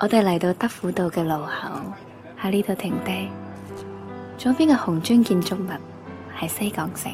我哋嚟到德輔道嘅路口，喺呢度停低。左邊嘅紅磚建築物係西港城，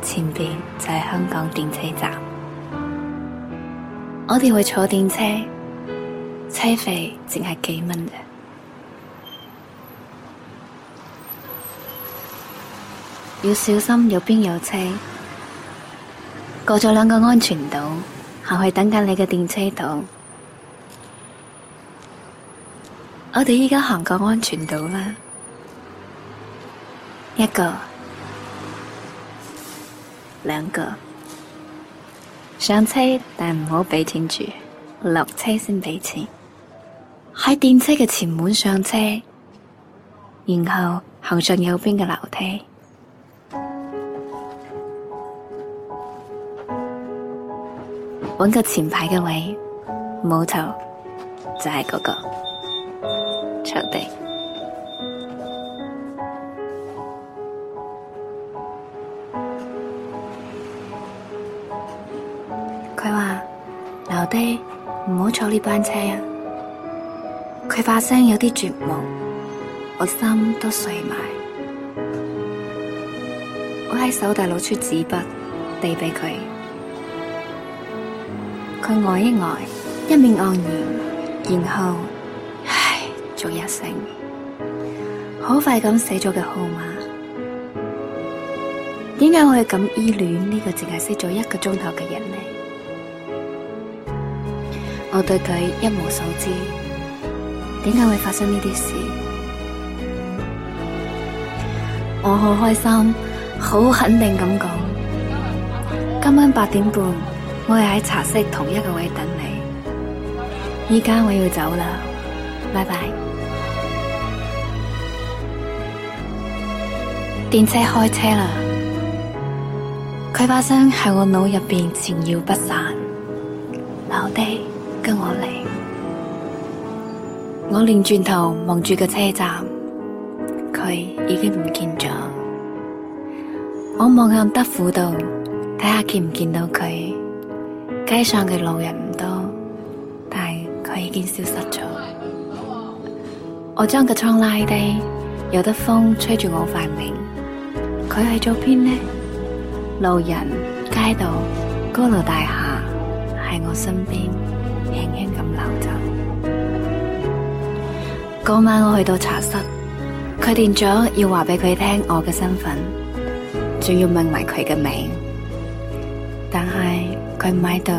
前邊就係香港電車站。我哋會坐電車，車費淨係幾蚊嘅。要小心，右邊有車。過咗兩個安全島，行去等緊你嘅電車度。我哋而家行過安全島啦，一個、兩個。上車，但唔好俾錢住，落車先畀錢。喺電車嘅前門上車，然後行上右邊嘅樓梯，揾個前排嘅位，冇頭就係嗰個。車地佢話留低唔好坐呢班車啊！佢發聲有啲絕望，我心都碎埋。我喺手袋攞出紙筆，遞畀佢。佢呆一呆，一面愕然，然後。作一聲，好快咁寫咗嘅號碼。點解我會咁依戀呢個淨係識咗一個鐘頭嘅人呢？我對佢一無所知，點解會發生呢啲事？我好開心，好肯定咁講，今晚八點半，我會喺茶室同一個位等你。依家我要走啦，拜拜。電車開車了，他把聲在我腦裏邊纏繞不散。老弟，跟我嚟。我連轉頭望住個車站，他已經不見了。我望向德府道，看下見不見到他。街上的路人不多，但係佢已經消失了。我將個窗拉低，有得風吹着我塊臉佢喺咗邊呢？路人、街道、高樓大廈喺我身邊，輕輕咁流走。嗰 晚我去到茶室，佢電咗要話俾佢聽我嘅身份，仲要問埋佢嘅名字。但係佢唔喺度，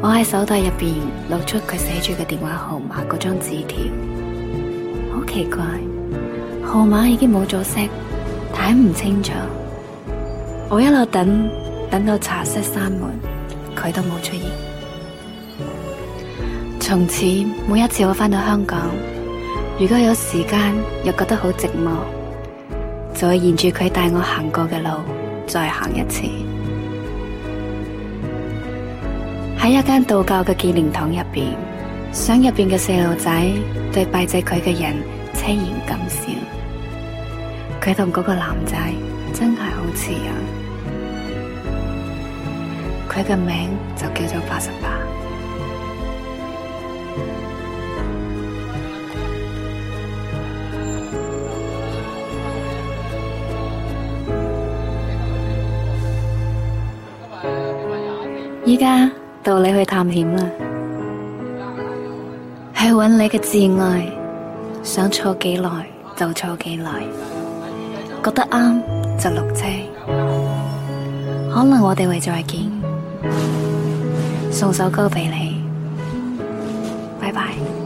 我喺手袋入面攞出佢寫住嘅電話號碼嗰張紙條，好奇怪，號碼已經冇咗息。睇唔清楚，我一路等，等到茶室閂門，佢都冇出現。從此每一次我返到香港，如果有時間又覺得好寂寞，就會沿住佢帶我行過嘅路再行一次。喺一間道教嘅紀念堂入邊，想入邊嘅細路仔對拜祭佢嘅人凄然咁笑。佢同嗰個男仔真係好似啊！佢嘅名就叫做八十八。依家到你去探險啦，去揾你嘅摯愛，想錯幾耐就錯幾耐。覺得啱就落車，可能我哋會再見，送首歌俾你，拜拜。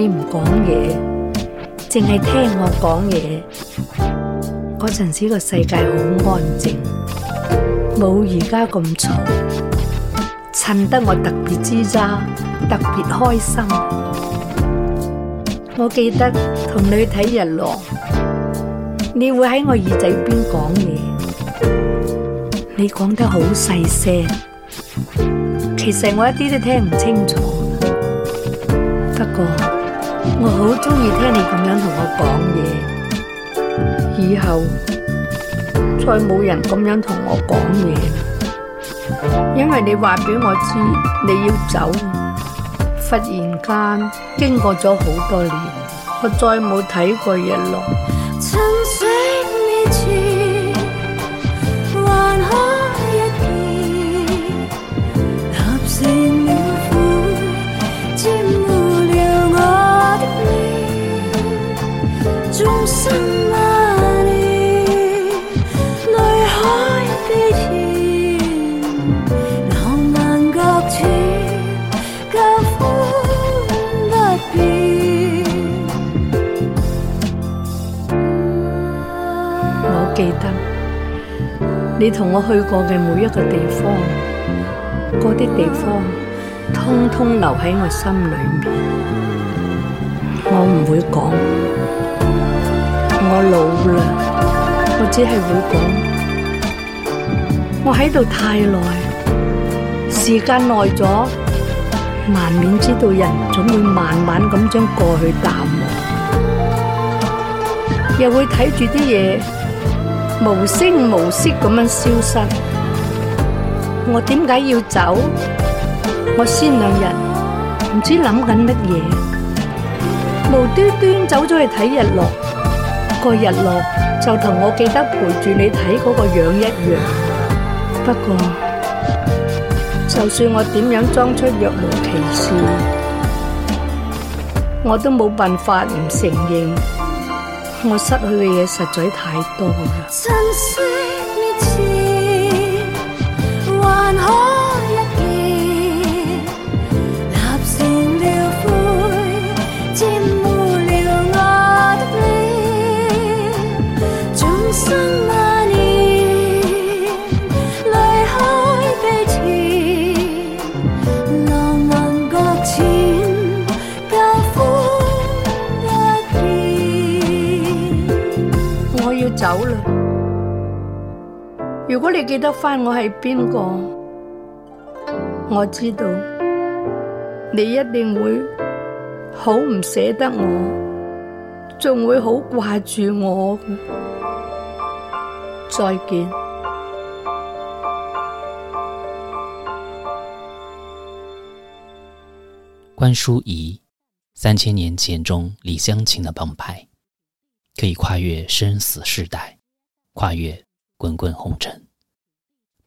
你唔講嘢，淨係聽我講嘢，嗰陣時個世界好安靜，冇而家咁嘈，襯得我特別吱喳，特別開心。我記得同你睇日落，你會喺我耳仔邊講嘢，你講得好細聲，其實我一啲都聽唔清楚，不過。我好鍾意聽你咁樣同我講嘢，以後再冇人咁樣同我講嘢，因為你話俾我知你要走，忽然間經過咗好多年，我再冇睇過日落。我記得你同我去過嘅每一個地方，嗰啲地方通通留喺我心裏面。我唔會講，我老啦，我只係會講。我喺度太耐，時間耐咗，難免知道人總會慢慢咁將過去淡忘，又會睇住啲嘢，無聲無息咁樣消失，我點解要走？我先兩日唔知諗緊乜嘢，無端端走咗去睇日落，個日落就同我記得陪住你睇嗰個樣一樣。不過就算我點樣裝出若無其事，我都冇辦法唔承認。我失去嘅嘢實在太多啦。如果你記得翻我係邊個？我知道你一定會好唔捨得我，仲會好掛住我。再見。關淑怡，三千年前中李香琴嘅澎湃，可以跨越生死世代，跨越滾滾紅塵。